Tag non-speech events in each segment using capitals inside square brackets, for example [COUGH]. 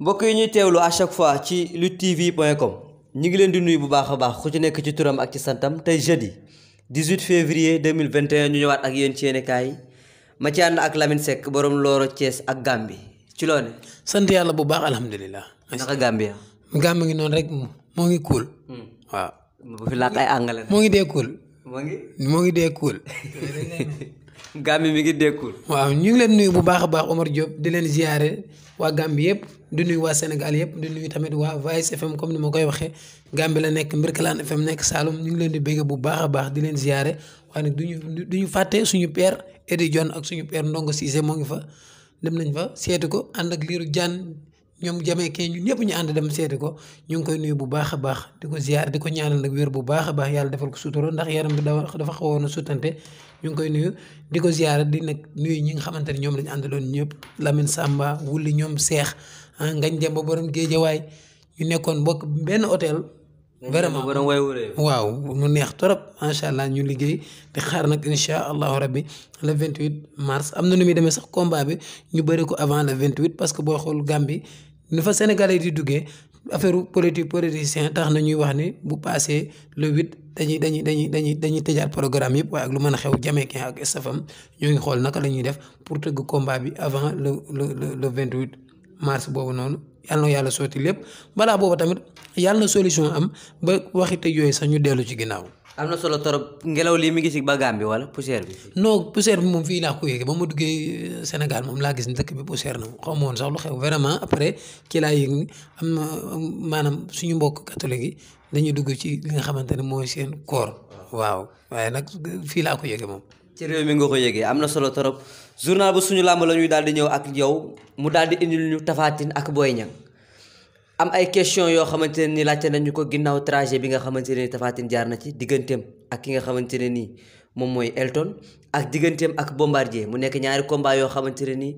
mbokk yi ñuy teewlu à chaque fois ci luttetv.com ñu ngi leen di nuyu bu baax a baax ku ci nekk ci turam ak ci santam tey jeudi 18 février 2021 ñu ñëwaat ak yéen ci yéenekaay ma ci ànd ak Lamine Seck borom Looro cees ak Gambie ci loone sant yàlla bu baax alhamdulilah. naka Gambie ah. Gambie ngi noonu rek moo ngi kuul hmm. waaw. bu fi laaj ay angale. moo ngi dee cool. moo ngi moo ngi dee cool. [LAUGHS] Gambie mi ngi dee cool. waaw ñu ngi leen nuy bu baax a baax Omar Diop di leen ziare. waa Gambie yëpp du nuyu waa Sénégal yëpp di nuyu tamit waa Vice FM comme ni ma koy waxee gàmbi la nekk Mbirkelane FM nekk Saloum ñu ngi leen di bégge bu baax a baax di leen ziare waaye nag duñu ñu fàtte suñu père Edy Dione ak suñu père Ndongo Cissé moo ngi fa dem nañ fa seeti ko ànd ak liiru jaan ñoom jameekee ñun ñëpp ñu ànd dem seeti ko ñu ngi koy nuyu bu baax a baax di ko ziar di ko ñaanal nag wér bu baax a baax yàlla defal ko sutura ndax yaram bi dafa xawoon a sutante ñu ngi koy nuyu di ko di nag nuyu ñi nga xamante ne ñoom lañu àndaloon ñëpp Lamine Samba wulli ñoom Seex ah, ngañ dem ba borom géejawaay ñu nekkoon bokk benn hôtel vraiment waaw mu neex trop macha allah ñu liggéey di xaar nag incha allahu rabbi le 28 mars am na nu muy demee sax combat bi ñu bëri ko avant le 28 parce que boo xool Gambie ne fa Sénégalais di duggee affaire politique politicien tax na ñuy wax ni bu passé le huit dañuy dañuy dañuy dañuy dañuy tëjaat programme yëpp waaye ak lu mën a xew Jamaïcain ak stafam ñoo ngi xool naka lañuy def pour tëgg combat bi avant le le le vingt huit mars boobu noonu yàlla na yàlla sotti lépp balaa boobu tamit yàlla na solution am ba waxi tëj yooyu sax ñu dellu ci ginnaaw. am na solo torop ngelaw lii mi ngi si bagaam bi wala poussière bi. non poussière bi moom fii laa ko yëgee ba ma duggee euh, Sénégal moom laa gis ne dëkk bi poussière na xaw ma woon sax lu xew vraiment après kii am na maanaam suñu mbokk catholique yi dañuy dugg ci li nga xamante ne mooy seen koor. waaw waaye nag fii laa ko yëgee moom. ci réew mi nga ko yëgee am na solo torop journal bu suñu làmb la ñuy daal di ñëw ak yow mu daal di indil ñu Tapha Tine ak booy Niang am ay question yoo xamante ne nii laajte nañu ko ginnaaw trajet bi nga xamante ne nii jaar na ci digganteem ak ki nga xamante ne nii moom mooy Elton ak digganteem ak Bombardier mu nekk ñaari combat yoo xamante ne nii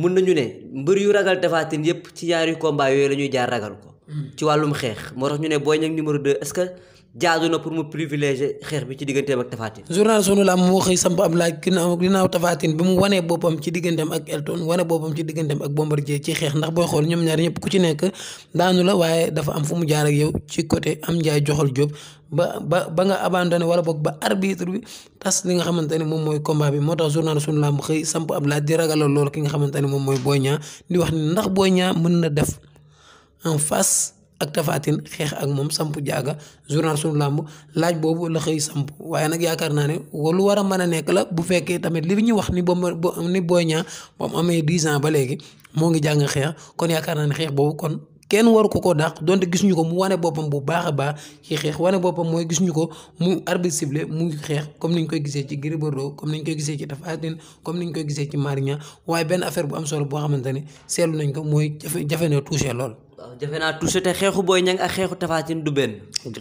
mun nañu ne mbër yu ragal Tapha Tine yëpp ci ñaari combat yooyu la ñuy jaar ragal ko. ci wàllum xeex moo tax ñu ne Boy Niang numéro 2 est-ce que jaadu na pour mu privilégier xeex bi ci digganteem ak Tapha Tine. journal sunu lam moo xëy samp ab laaj ginnaaw ginnaaw Tapha Tine bi mu wanee boppam ci digganteem ak Elton wane boppam ci digganteem ak Bombardier ci xeex ndax booy xool ñoom ñaar ñëpp ku ci nekk daanu la waaye dafa am fu mu jaar ak yow ci côté am njaay joxal jóob ba ba ba nga abandonné wala boog ba arbitre bi tas li nga xamante ne moom mooy combat bi moo tax journal sunu lam xëy samp ab laaj di ragalal loolu ki ne moom mooy Boy Niang di wax ni ndax Boy Niang mën na def. en face ak tafaatin xeex ak moom samp jaaga journal sunu làmb laaj boobu la xëy samp waaye nag yaakaar naa ne lu war a mën a nekk la bu fekkee tamit li ñu wax ni ba ni Boy Niang ba mu amee 10 ans ba léegi moo ngi jàng xeex kon yaakaar naa ne xeex boobu kon kenn waru ko koo dàq donte gisuñu ko mu wane boppam bu baax a baax ci xeex wane boppam mooy gisuñu ko mu arbitre mu mu xeex comme niñ koy gisee ci Gris Bordeaux comme niñ koy gisee ci Tapha Tine comme niñ koy gisee ci Mariña waaye benn affaire bu am solo boo xamante ne seetlu nañ ko mooy jafe jafe na touché lool waaw defe naa touché te xeexu booy Niang ak xeexu Tapha Tine du benn.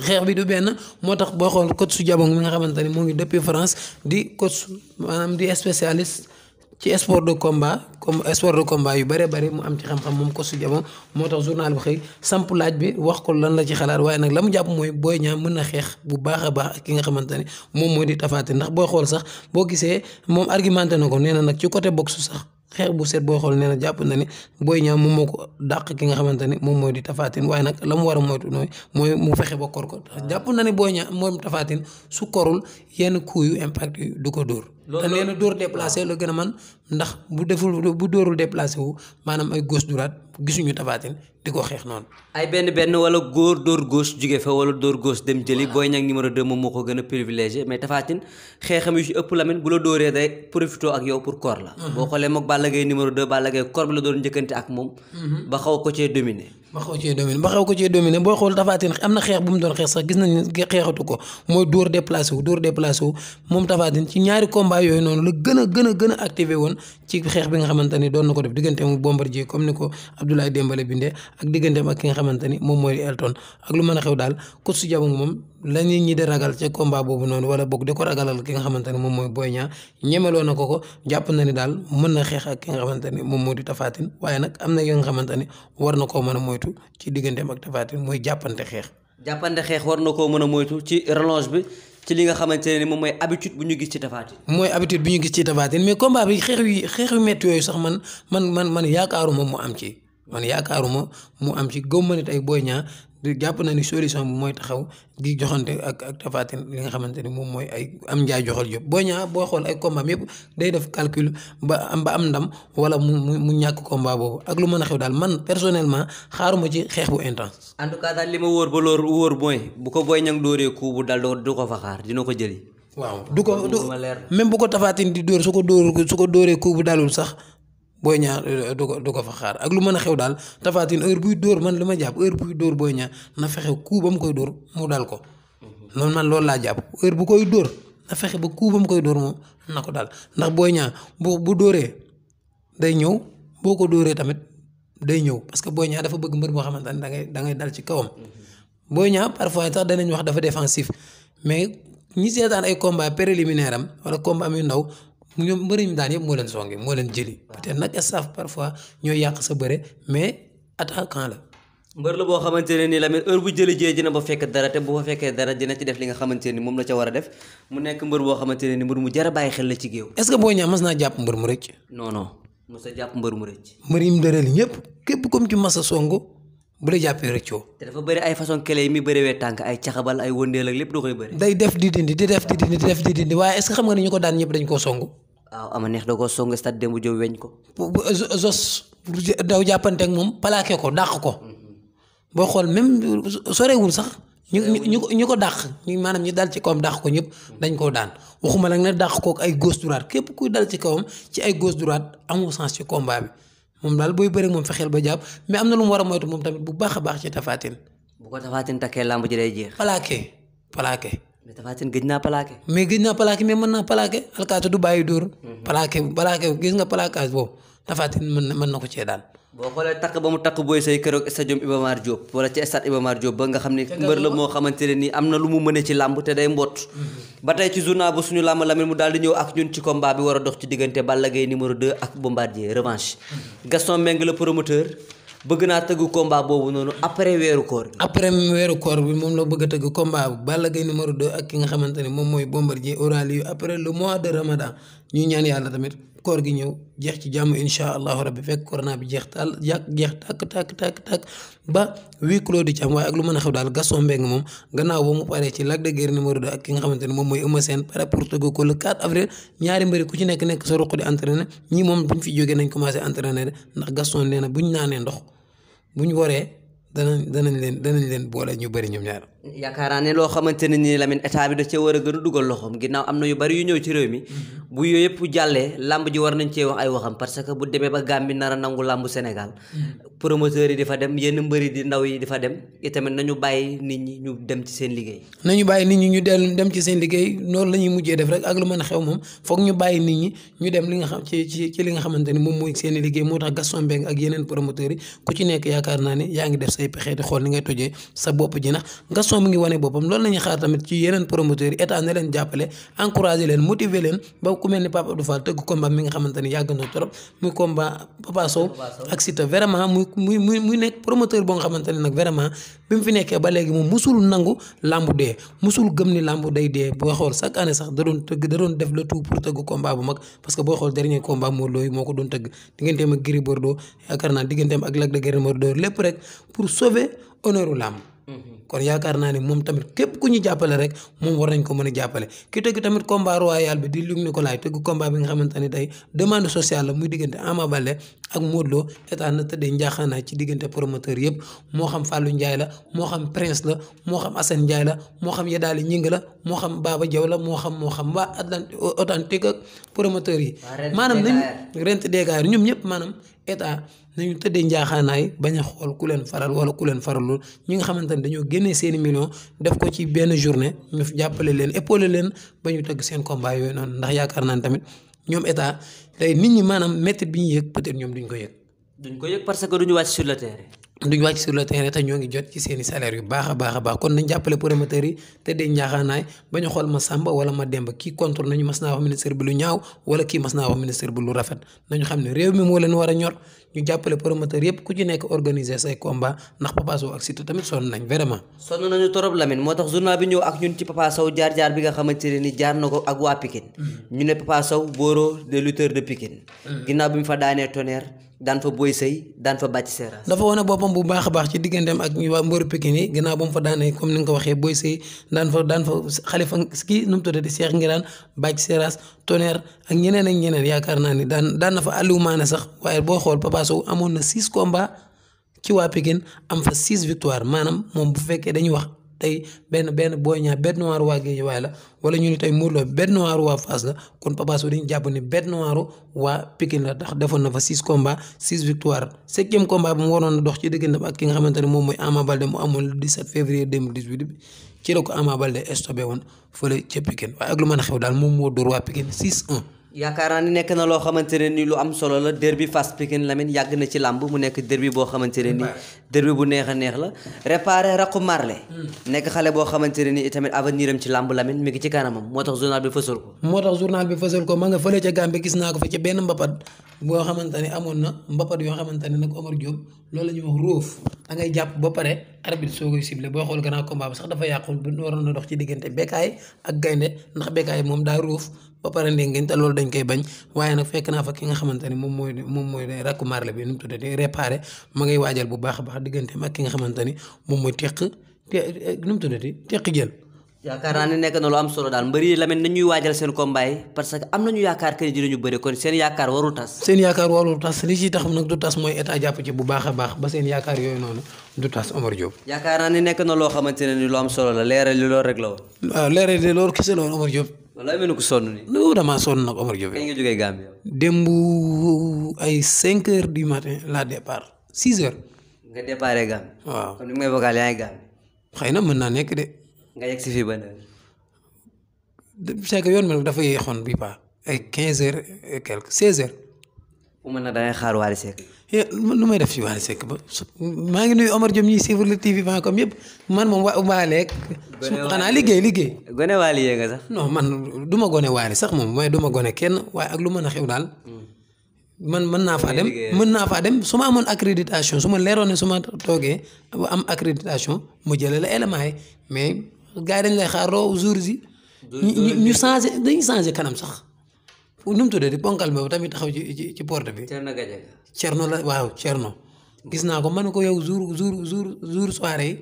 xeex bi du benn moo tax boo xool coach su jabong mi nga xamante ni moo ngi depuis France di coach maanaam di spécialiste ci sport de combat comme sport de yu bare bare mu am ci xam moom coach su moo tax journal bi xëy samp laaj bi wax ko lan la ci xalaat waaye nag la mu jàpp mooy Boy Niang mën na xeex bu baax a baax ak ki nga xamante ni moom mooy di Tapha ndax boo xool sax boo gisee moom argumenté na ko nee na nag ci côté boxe sax. xeex bu set boo xool nee na jàpp na ni booy Niang moom moo ko dàq ki nga xamante ne moom mooy di tafaatin waaye nag la mu war a moytu nooy mooy mu fexe ba kor ko jàpp na ne booy Niang moom Tapha Tine su korul yenn coup yu impact du ko dóor loolu te nee na dóor déplacé la gën a man ndax bu deful bu dóorul déplacé wu maanaam ay gauche droite gisuñu Tapha Tine di ko xeex noonu. ay benn benn wala góor dóor gauche jóge fa wala dóor gauche dem jëli Boy Niang numéro 2 moom moo ko gën a privilégié mais Tapha Tine xeexam yu ci ëpp Lamine bu la dóoree day profité ak yow pour koor la. Mhm. boo xoolee moog Balla Gaye numéro 2 Balla Gaye koor bi la doon njëkkante ak moom. Mhm. ba xaw ko cee dominé. mbaxaw cee dominé mbaxaw ko cee dominé boo xool tafaatin am na xeex bu doon xeex sax gis nañu xeexatu ko mooy dóor déplacé wu dóor déplacé wu moom tafaatin ci ñaari combat yooyu noonu la gën a gën a a activé woon ci xeex bi nga xamante ni doon na ko def diggante mu bombardier comme ni ko Abdoulaye Dembale bindee ak digganteem ki nga moom mooy daal ko su jabu moom la nit di ragal boobu noonu wala boog di ko ragalal ki nga xamante ni moom mooy Boy Niang ñemeloo na ko ko jàpp na ni daal na xeex ak ki nga xamante ni moom moo di tafaatin waaye nag am na yi nga xamante ni war na koo mën a moytu moytu ci digganteem ak Tapha Tine mooy jàppante xeex. jàppante xeex war na koo mën a moytu ci relance bi ci li nga xamante ne moom mooy habitude bu ñu gis ci Tapha mooy habitude bi ñu gis ci Tapha Tine mais combat bi xeex yu xeex yu métti yooyu sax man man man man yaakaaruma mu am ci. man yaakaaruma mu am ci gëmm nit ay Boy Niang jàpp na ni solution bi mooy taxaw di joxante ak ak li nga xamante ni moom mooy ay am njaay joxal yëpp boo ñaa boo xool ay combat yëpp ba am ba am wala mu mu mu ñàkk combat boobu ak lu mën a xew daal man personnellement xaaruma ci xeex bu intense. en tout cas daal li ma wóor ba loolu wóor mooy bu ko Boy Niang dóoree coup bu dal du ko fa xaar dina ko jëli. waaw du ko du même bu ko Tapha di dóor su ko dóor su ko dóoree coup dalul sax. booy ñaa euh, euh, du ko fa xaar ak lu mën a xew daal Tapha Tine heure buy dóor man li ma jàpp heure buy dóor booy ñaa na fexe ku ba mu koy dóor mu dal ko loolu man loolu laa jàpp heure bu koy dóor fexe ba ku ba mu koy dóor moom na ko daal ndax booy ñaa bu bu dóoree day ñëw boo ko dóoree tamit day ñëw parce que booy ñaa dafa bëgg mbër boo xamante ne da ngay da dal ci kawam. booy ñaa parfois sax danañ wax dafa défensif mais ñi seetaan ay combat préliminaire am wala combat yu ndaw ñoom mbëri ñu daan moo leen songe moo leen mais attaquant la. mbër la boo xamante ne nii Lamine heure bu jëlee jee ba fekk dara te bu fa fekkee dara dina ci nga xamante ne moom la war a def mu nekk mbër boo xamante ne nii mbër mu jar bàyyi xel la ci géew. est-ce que mas naa jàpp mbër mu rëcc. a jàpp mbër mu rëcc. mbër ñëpp képp comme ci mas a songu bu la jàppee rëccoo. te dafa bëri ay façon clé yi muy bëriwee tànk ay caxabal ay wëndeel lépp du koy bëri. day def di dindi di def di dindi di def di dindi waaye est xam nga ni ko daan ñëpp dañ ko songu waaw ama neex da koo song stade Demba Diop weñ ko. Zos daw jàppante ak moom plaqué ko dàq ko boo xool même wul sax. ñu ñu ñu ko dàq ñu maanaam ñu daal ci kawam dàq ko ñëpp dañ koo daan waxuma nag ne dàq kook ay gauche droite képp kuy dal ci kawam ci ay gauche droite amoo sens ci combat moom daal booy bëri moom fexeel ba jàpp mais am na lu mu war a moytu moom tamit bu baax a baax ci Tapha Tine. bu ko Tapha Tine takkee làmb ji day jeex. plaqué palaake mais Tapha Tine gëj naa plaqué. mais gëj naa mais mën naa plaqué alkaati du bàyyi dóor. plaqué plaqué gis nga plaquage boobu Tapha Tine mën na ko cee daal. boo xoolee takk ba mu takk booy say keroog stadium Iba Mar Diop ci stade Iba Mar ba nga xam ne mbër la moo xamante ne nii am na lu mu mëne ci làmb te day mboot mhm. ba tey ci journal bu suñu làmb Lamine mu daal di ñëw ak ñun ci combat bi war a dox ci diggante Balla Gaye numéro 2 ak Bombardier revanche mhm. Gaston Mbengue le bëgg naa tëgg combat boobu noonu après weeru koor bi. après weeru koor bi moom la bëgg a tëgg combat bu Balla Gaye numéro 2 ak ki nga xamante ne moom mooy Bombardier aura lieu après le mois de Ramadan ñuy ñaan yàlla tamit. koor gi ñëw jeex ci jàmm incha allahu rabbi fekk corona bi jeex taal yàq jeex tàkk tàkk tàkk tàkk ba huis clos di ci waaye ak lu mën a xew daal Gaston Mbengue moom gannaaw ba mu paree ci Lac de Guiers numéro ki nga xamante ne moom mooy Eumeu Sène pare pour tëgg ko le avril ñaari mbëri ku ci nekk nekk sa ruq di entraîné ñi moom buñ fi jógee nañ commencé entraîné ndax Gaston nee na buñ naanee ndox buñ waree danañ danañ leen danañ leen boole ñu bëri ñoom ñaar yaakaar naa ne loo xamante ne nii Lamine état bi da cee war a gën a dugal loxoom ginnaaw am na yu bari yu ñëw ci réew mi mm-hmm. bu yooyu yëpp jàllee lamb ji war nañ cee wax ay waxam parce que bu demee ba Gambie nar a nangu lambu Sénégal mm-hmm. promoteurs yi di fa dem yenn mbëri di ndaw yi di fa dem itamit nañu bàyyi nit ñi ñu dem ci seen liggéey nañu bàyyi nit ñi ñu dellu dem ci seen liggéey loolu la ñuy mujjee def rek ak lu mën a xew moom foog ñu bàyyi nit ñi ñu dem li nga xam ci ci li nga xamante ni moom mooy seen liggéey moo tax Gaston Mbengue ak yeneen promoteurs yi ku ci nekk ne yaa ngi def say pexe di xool ni ngay tojee sa bopp ji Gaston mu ngi wane boppam la ñuy xaar tamit ci yeneen promoteurs yi état na leen leen motiver leen ba ku mel ni Pape Abdou Fall tëgg ni yàgg na trop muy combat Papa Sow ak vraiment muy muy muy muy nekk promoteur boo nga xamante ne nag vraiment bi fi nekkee ba léegi moom musul nangu làmbu dee musul gëm ni làmbu day dee boo xool chaque année sax da doon tëgg da def le tout pour tëgg combat bu mag parce que boo xool dernier combat moo looyu moo ko doon tëgg digganteem ak Gris Bordeaux yaakaar naa digganteem ak Lac de Guiers numéro 2 lépp rek pour sauver honneur u làmb Mhm. kon yaakaar naa ne moom tamit képp ku ñu jàppale rek moom war nañ ko mën a jàppale ki tëgg tamit combat royal bi di Luc Nicolaï tëgg combat bi nga xamante ne tey demande sociale la muy diggante Ama Baldé ak Modou Lo état na tëddee njaaxaanaay ci diggante promoteur yëpp moo xam Fallou Ndiaye la moo xam Prince la moo xam Assane Ndiaye la moo xam Yadaali Ñing la moo xam Baba Diaw la moo xam moo xam waa Atlantique authentique ak promoteur yi maanaam nañ rent ñoom ñëpp maanaam état nañu tëddee njaaxaanaay bañ a xool ku leen faral wala ku leen faralul ñi nga xamante ne dañoo génnee seeni million def ko ci benn journée ñu jàppale leen épaulé leen ba ñu tëgg seen combat yooyu ndax yaakaar naan tamit ñoom état tey nit ñi maanaam métti bi ñu yëg peut-être ñoom duñ ko yëg. duñ ko yëg parce que duñu wàcc sur le terrain. duñu wàcc sur le ñoo ngi jot ci seeni salaire yu baax baax a baax kon nañ jàppale promoteurs yi te dee njaaxaanaay xool ma Samba wala ma demb kii contre nañu mas naa wax ministre bi lu ñaaw wala kii mas naa wax ministre bi lu rafet nañu xam ne réew mi moo leen war a ñor ñu jàppale promoteur yëpp ku ci nekk organiser say combat ndax Papa Sow ak Siteu tamit sonn nañ vraiment. sonn nañu torop Lamine moo tax journal bi ñëw ak ñun ci Papa jaar jaar bi nga xamante ne ni jaar na ko ak waa Pikine. Mm. ñu ne Papa Sow booro des de Pikine. Mm. ginnaaw bi mu fa daanee tonnerre. daan fa Boy Sey daan fa Bathie Seras. dafa wane boppam bu baax baax ci digganteem ak ñu waa mbooru Pikine yi gannaaw ba mu fa daanee comme ni nga waxee Boy daan fa daan fa xalifa kii nu mu tuddati Cheikh Ngiraan Bathie Seras Tonnerre ak ñeneen ak yaakaar naa ni daan daan na fa Aliou Mané sax waaye boo xool Papa amoon na six combats ci waa Pikine am fa six victoire maanaam moom bu fekkee dañuy wax. tey benn benn Boy Niang bête noire waa Guédiawaye la wala ñu ni tey Modou Lo bête noire waa Fass la kon Papa Sow jàpp ne bête noire waa Pikine la ndax defoon na fa six combats six victoire septième combat bi mu waroon a dox ci diggante ba ak ki nga xamante ne moom mooy Ama Baldé mu amoon le 17 février 2018 bi ci la ko Ama Baldé stoppé woon fële ca Pikine waaye ak a xew daal moom moo dóor waa Pikine 6-1 yaakaar naa ni nekk na loo xamante ne ni lu am solo la derby Fass Pikine Lamine yàgg na ci làmb mu nekk derby boo xamante ne ni derby bu neex a neex la réparé raqu marle hmm. nekk xale boo xamante ne ni itamit avenir am ci làmb Lamine mi ngi ci kanamam moo tax journal bi fësal ko moo tax journal bi fësal ko ma nga fële ca Gambie gis naa ko fa ca benn mbapat boo xamante ne amoon na mbapat yoo xamante ne nag Omar Diop loolu la ñuy wax róof da jàpp ba pare arbitre soo koy ciblé boo xool gannaaw combat bi sax dafa yàqul bu waroon na dox ci diggante bekkaay ak gaynde ndax bekkaay moom daa ruuf ba pare ndéngeen te loolu dañ koy bañ waaye nag fekk naa fa ki nga xamante ne moom mooy moom mooy rakku marle bi nu mu tuddati réparé ma ngay waajal bu baax a baax digganteem ki nga xamante ni moom mooy teq eh, nu mu tuddati teq jël yaakaar naa ne nekk na lu am solo daal mbëri yi Lamine na ñuy waajal seen combat parce que am nañu yaakaar que ni dinañu bëri kon seen yaakaar warul tas seen yaakaar warul tas li ci tax mooy état jàpp ci bu baax a baax ba seen yaakaar yooyu noonu du tas Omar Diop yaakaar naa ne nekk na loo xamante ne ni lu am solo la leeral li loolu rek la woon waaw leeral li loolu kese la woon Omar Diop wala mel ni ku sonn damaa sonn nag Omar Diop kañ ay 5 du matin la départ waaw kon ni may vocal yaa ngi xëy na mën naa nekk nga yegg ba c'est que yoon bi dafa yéexoon bi pas ay 15 heures et quelque 16 heures. mu mën na da ngay xaar Wally Seck. Eh, lu may def ci Wally Seck ba maa ngi nuyu Omar Diom ñuy suivre Lutte TV point com yëpp man moom wa waaleeg. xanaa liggéey liggéey. gone waale yee nga man du ma gone waale sax moom mooy du ma gone kenn waaye ak lu mën a xew daal. Hmm. man mën naa fa dem mën naa faa dem su ma amoon accréditation su ma leeroon ne su ma toogee am accréditation mu jëlee la élément yi mais. gars yi dañ lay xaar roo jour yi ñu ñu changé dañu changé kanam sax nu mu tuddati ponkal boobu tamit taxaw ci ci porte bi. Thierno Gadiaga. Thierno la waaw Thierno. gis naa ko man ko yow jour jour jour jour soirée yi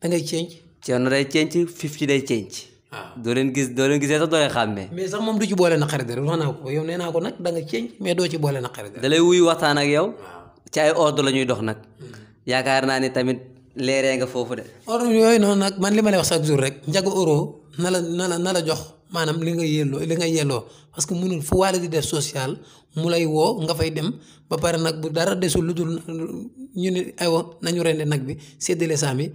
da ngay ceeñ. Thierno day ceeñ Fifty day ceeñ. waaw ah. doo leen gis doo leen gisee sax doo leen xàmmee. mais sax moom du ci boole naqari dara wax naa ko yow nee naa ko nag da nga ceeñ mais doo ci boole naqari dara. da waxtaan ak yow. Ah. ci ordre la ñuy dox nag. Hmm. yaakaar naa ni tamit. leeree nga foofu de. or yooyu noonu nag man li ma lay wax chaque jour rek njagu euro na la na la na la jox maanaam li nga yelloo li nga yelloo parce que mënul fu waale di def social mu lay woo nga fay dem ba pare nag bu dara desul lu dul ñu ne aywa nañu rende nag bi séddale saami.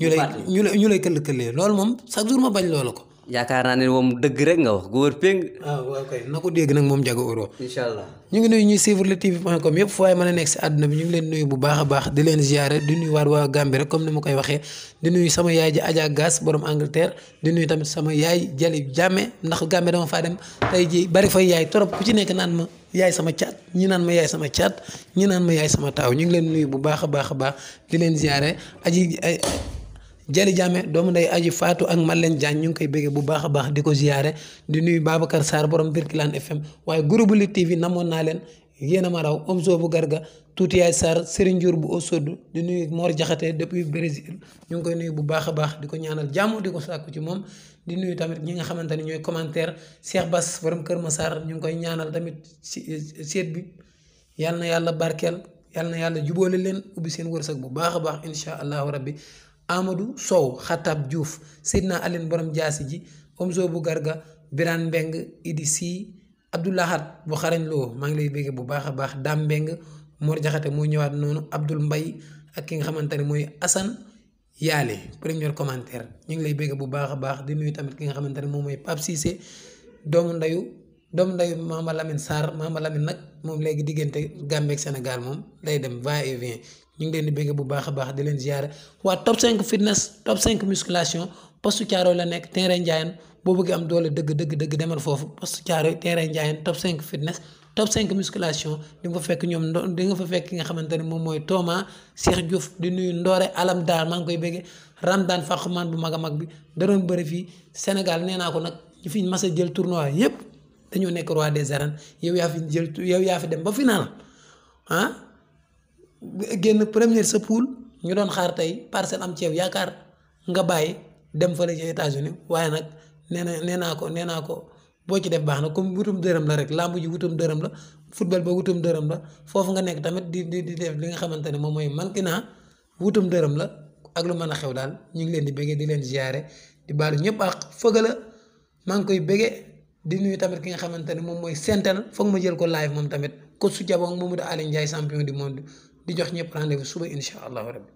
ñu lay ñu lay ñu lay këll këllee loolu moom chaque jour ma bañ loolu ko. yaakaar naa ne moom dëgg rek nga wax gu wër péng waaw ah, waaw kay na ko dégg nag moom Diago Euro incha allah ñu ngi nuyu ñuy suivre luttetv.com yëpp fu waay mën a nekk si àdduna bi ñu ngi leen nuyu bu baax a baax di leen ziare di nuyu waat waa Gambie rek comme ma koy waxee di nuyu sama yaay ji Adja borom Angleterre di nuyu tamit sama yaay Jali Jammeh ndax Gambie dama faa dem tey ji bari fay yaay trop ci nekk naan ma yaay sama caat ñi naan ma sama caat ñi naan ma sama taaw ñu ngi leen nuyu bu baax a baax a baax di leen ziare aji ay Jali Jaame doomu nday aji Fatou ak Malène Diagne ñu ngi koy bëggee bu baax a baax di ko ziyaare di nuyu Babacar Sarr borom Birkelane FM waaye groupe Lutte TV namoon naa leen yéen a ma raw Omzo bu Garga tuuti yaay Sarr Serigne Ndiour bu Osodou di nuyu Mor Jaxate depuis Brésil ñu ngi koy nuyu bu baax a baax di ko ñaanal jàmm di ko sàkku ci moom di nuyu tamit ñi nga xamante ne ñooy commentaire Cheikh bas borom Kër Massar ñu ngi koy ñaanal tamit seet bi yàlla na yàlla barkeel yàlla na yàlla jubóole leen ubbi seen wërsëg bu baax a baax incha allahu rabbi Amadou Sow Xatab Diouf naa Aline borom jaasi ji Omzo bu Garga Birane Mbeng Idi Si Abdoulahat bu xarañ loo maa ngi lay bégge bu baax a baax Dame Mbeng Mor Jaxate ñëwaat noonu Abdoul Mbay ak ki nga xamante ne mooy Assane Yaale premier commentaire ñu ngi lay bégge bu baax a baax di nuyu tamit ki nga xamante ne moom mooy Pape Cissé doomu ndayu doomu ndeyu Mama Lamine Sarr Mama Lamine nag moom léegi diggante Gambie ak Sénégal moom lay dem va et vient ñu ngi leen di bégge bu baax a baax di leen ziyaare waa top 5 fitness top 5 musculation postu Caaroy la nekk terrain Ndiayène boo bëggee am doole dëgg dëgg dëgg demal foofu postu Caaroy terrain Ndiayène top 5 fitness top 5 musculation di nga fa fekk ñoom ndo di nga fa fekk ki nga xamante ne moom mooy Thomas Cheikh Diouf di nuyu Ndoore alam daar maa ngi koy bégge Ramdan Fakhoman bu mag a mag bi da doon bëri fii Sénégal nee naa ko nag ñu fi mas jël tournoi yépp dañoo nekk roi des arènes yow yaa jël yow yaa fi dem ba final ah génn première sa poule ñu doon xaar tey parcelle am ceeb yaakaar nga bàyyi dem fële ci États-Unis waaye nag nee na nee naa ko nee naa ko boo ci def baax na comme wutum dërëm la rek làmb ji wutum dërëm la football ba wutum dërëm la foofu nga nekk tamit di di def li nga xamante ne moom mooy manqué naa wutum dërëm la ak lu mën a xew daal ñu ngi leen di bëggee di leen ziare di baalu ñëpp ak fëgg la maa ngi koy bëggee di nuyu tamit ki nga xamante ne moom mooy sentel foog ma jël ko live moom tamit ko su jabon Mamadou Aliou Ndiaye champion du monde di jox ñëpp rendez-vous suba incha allahu rabbi